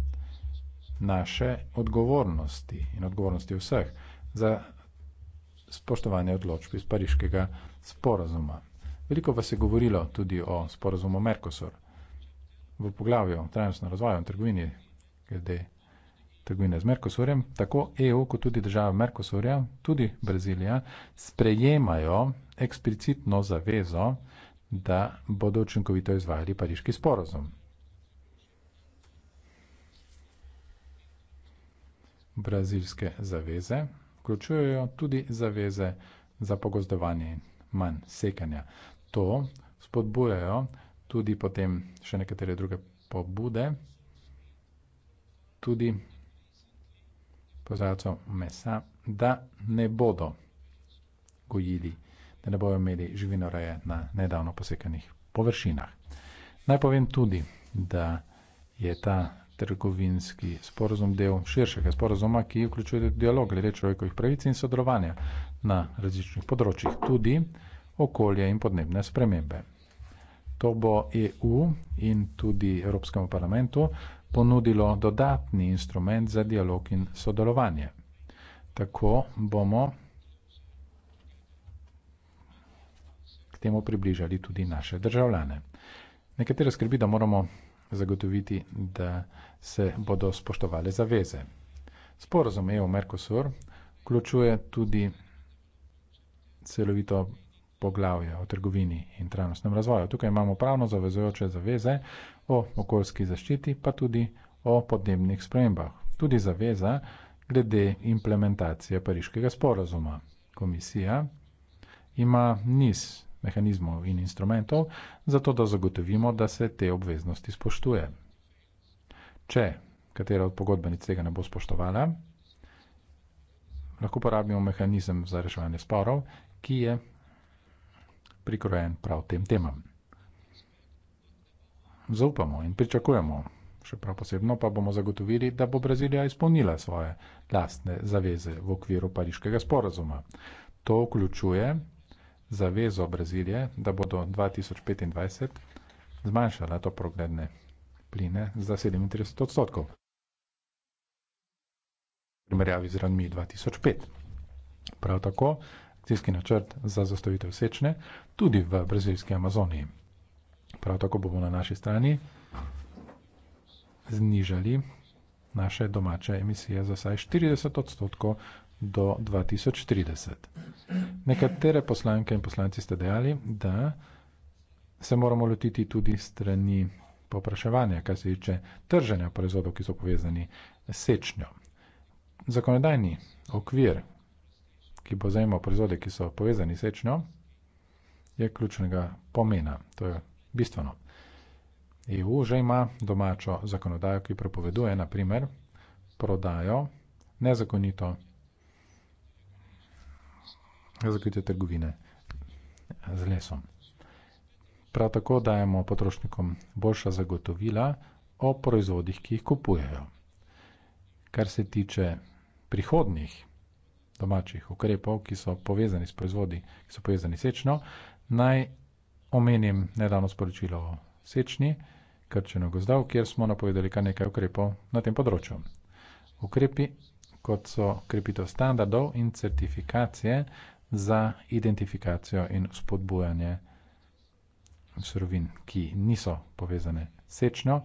naše odgovornosti in odgovornosti vseh za spoštovanje odločb iz pariškega sporazuma. Veliko pa se je govorilo tudi o sporazumu Merkosur. V poglavju trajnostno razvojo in trgovini, glede trgovine z Merkosurjem, tako EU kot tudi država Merkosurja, tudi Brazilija, sprejemajo eksplicitno zavezo, da bodo učinkovito izvajali pariški sporazum. Brazilske zaveze vključujejo tudi zaveze za pogozdovanje in manj sekanja. To spodbujajo tudi potem še nekatere druge pobude, tudi pozdravcev mesa, da ne bodo gojili, da ne bodo imeli živinoreje na nedavno posekanih površinah. Naj povem tudi, da je ta trgovinski sporozum del širšega sporozuma, ki vključuje dialog glede človekovih pravic in sodelovanja na različnih področjih, tudi okolje in podnebne spremembe. To bo EU in tudi Evropskemu parlamentu ponudilo dodatni instrument za dialog in sodelovanje. Tako bomo k temu približali tudi naše državljane. Nekatere skrbi, da moramo zagotoviti, da se bodo spoštovali zaveze. Sporozum EU-Mercosur vključuje tudi celovito poglavje o trgovini in trajnostnem razvoju. Tukaj imamo pravno zavezojoče zaveze o okoljski zaščiti, pa tudi o podnebnih spremembah. Tudi zaveza glede implementacije pariškega sporozuma. Komisija ima niz mehanizmov in instrumentov, zato da zagotovimo, da se te obveznosti spoštuje. Če katera od pogodbenic tega ne bo spoštovala, lahko uporabimo mehanizem za reševanje sporov, ki je prikrojen prav tem temam. Zaupamo in pričakujemo, še prav posebno pa bomo zagotovili, da bo Brazilija izpolnila svoje lastne zaveze v okviru pariškega sporazuma. To vključuje zavezo Brazilije, da bodo 2025 zmanjšala to progledne pline za 37 odstotkov. Primerjavi z ranmi 2005. Prav tako akcijski načrt za zastavitev sečne tudi v brazilski Amazoniji. Prav tako bomo na naši strani znižali naše domače emisije za saj 40 odstotkov do 2030. Nekatere poslanke in poslanci ste dejali, da se moramo lotiti tudi strani popraševanja, kar se tiče trženja proizvodov, ki so povezani s sečnjo. Zakonodajni okvir, ki bo zajemal proizvode, ki so povezani s sečnjo, je ključnega pomena. To je bistveno. EU že ima domačo zakonodajo, ki prepoveduje, naprimer, prodajo nezakonito zakrite trgovine z lesom. Prav tako dajemo potrošnikom boljša zagotovila o proizvodih, ki jih kupujejo. Kar se tiče prihodnih domačih ukrepov, ki so povezani s proizvodi, ki so povezani sečno, naj omenim nedavno sporočilo o sečni krčeno gozdav, kjer smo napovedali kar nekaj ukrepov na tem področju. Ukrepi, kot so krepitev standardov in certifikacije, za identifikacijo in spodbujanje surovin, ki niso povezane s sečnjo.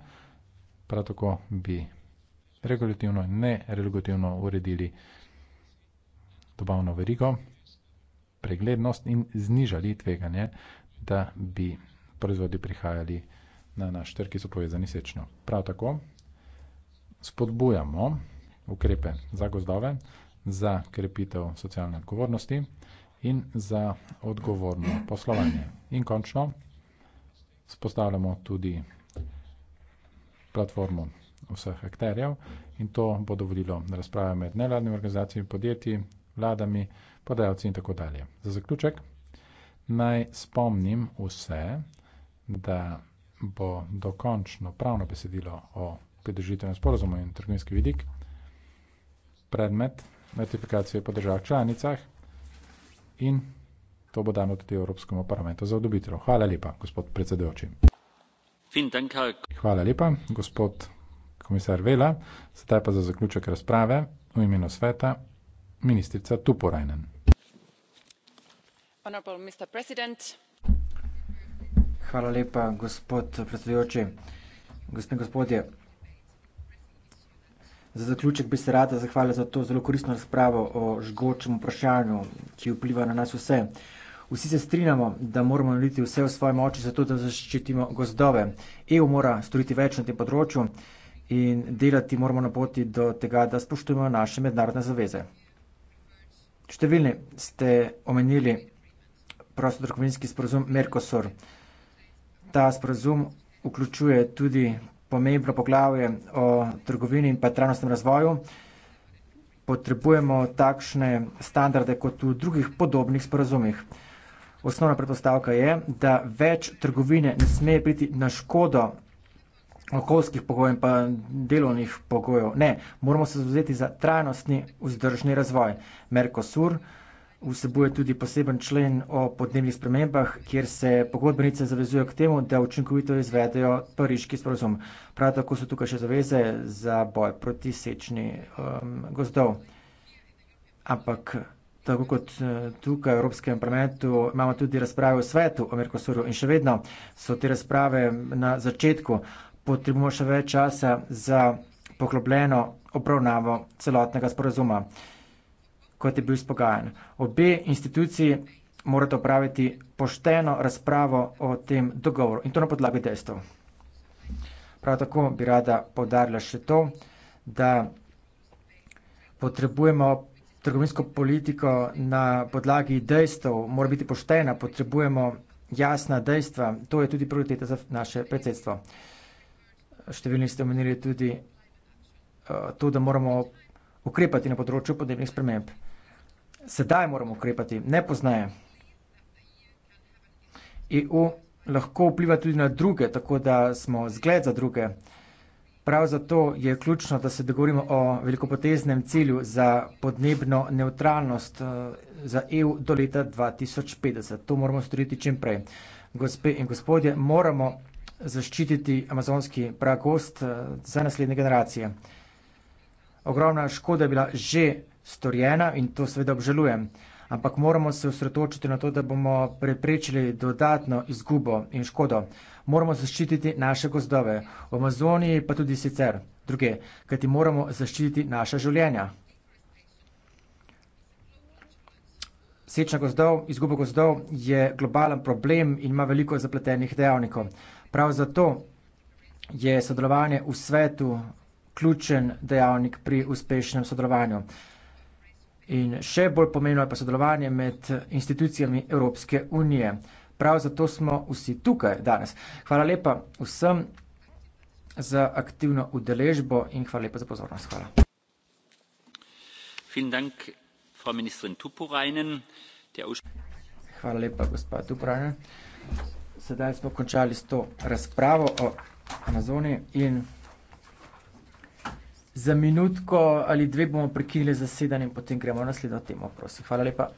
Prav tako bi regulativno in neregulativno uredili dobavno verigo, preglednost in znižali tveganje, da bi proizvodi prihajali na naš trg, ki so povezani s sečnjo. Prav tako spodbujamo ukrepe za gozdove, za krepitev socialne odgovornosti in za odgovorno poslovanje. In končno, spostavljamo tudi platformo vseh akterjev in to bo dovolilo razprave med nevladnimi organizacijami, podjetji, vladami, podajalci in tako dalje. Za zaključek naj spomnim vse, da bo dokončno pravno besedilo o pridružitvenem sporazumu in trgovinski vidik predmet notifikacije po državah članicah in to bo dano tudi Evropskemu parlamentu za odobitev. Hvala lepa, gospod predsedujoči. Hvala lepa, gospod komisar Vela. Sedaj pa za zaključek razprave v imenu sveta ministrica Tuporajnen. Hvala lepa, gospod predsedujoči. Gospe in gospodje, Za zaključek bi se rada zahvalila za to zelo koristno razpravo o žgočem vprašanju, ki vpliva na nas vse. Vsi se strinjamo, da moramo narediti vse v svoje moči, zato da zaščitimo gozdove. EU mora storiti več na tem področju in delati moramo na poti do tega, da spoštujemo naše mednarodne zaveze. Številni ste omenili prostotrkovinski sporozum Mercosur. Ta sporozum vključuje tudi pomembno poglavje o trgovini in pa trajnostnem razvoju. Potrebujemo takšne standarde kot v drugih podobnih sporazumih. Osnovna predpostavka je, da več trgovine ne sme priti na škodo okoljskih pogojev in pa delovnih pogojev. Ne, moramo se zavzeti za trajnostni vzdržni razvoj. Mercosur, vsebuje tudi poseben člen o podnebnih spremembah, kjer se pogodbenice zavezujejo k temu, da učinkovito izvedejo pariški sporozum. Prav tako so tukaj še zaveze za boj proti sečni um, gozdov. Ampak tako kot eh, tukaj v Evropskem parlamentu imamo tudi razprave v svetu o Merkosuru in še vedno so te razprave na začetku. Potrebujemo še več časa za poglobljeno obravnavo celotnega sporozuma kot je bil spogajan. Obe instituciji morata upraviti pošteno razpravo o tem dogovoru in to na podlagi dejstev. Prav tako bi rada povdarila še to, da potrebujemo trgovinsko politiko na podlagi dejstev, mora biti poštena, potrebujemo jasna dejstva, to je tudi prioriteta za naše predsedstvo. Številni ste omenili tudi eh, to, da moramo ukrepati na področju podnebnih sprememb. Sedaj moramo ukrepati, ne poznaje. EU lahko vpliva tudi na druge, tako da smo zgled za druge. Prav zato je ključno, da se dogovorimo o velikopoteznem cilju za podnebno neutralnost eh, za EU do leta 2050. To moramo storiti čim prej. Gospe in gospodje, moramo zaščititi amazonski pragost eh, za naslednje generacije. Ogromna škoda je bila že storjena in to seveda obžalujem. Ampak moramo se osredotočiti na to, da bomo preprečili dodatno izgubo in škodo. Moramo zaščititi naše gozdove, v Amazoniji pa tudi sicer druge, kajti moramo zaščititi naša življenja. Sečna gozdov, izguba gozdov je globalen problem in ima veliko zapletenih dejavnikov. Prav zato je sodelovanje v svetu ključen dejavnik pri uspešnem sodelovanju. In še bolj pomembno je pa sodelovanje med institucijami Evropske unije. Prav zato smo vsi tukaj danes. Hvala lepa vsem za aktivno udeležbo in hvala lepa za pozornost. Hvala. Hvala lepa, gospa Tuporajnen. Sedaj smo končali s to razpravo o Amazoni in Za minutko ali dve bomo prekinili zasedanje in potem gremo na naslednjo temo. Prosim. Hvala lepa.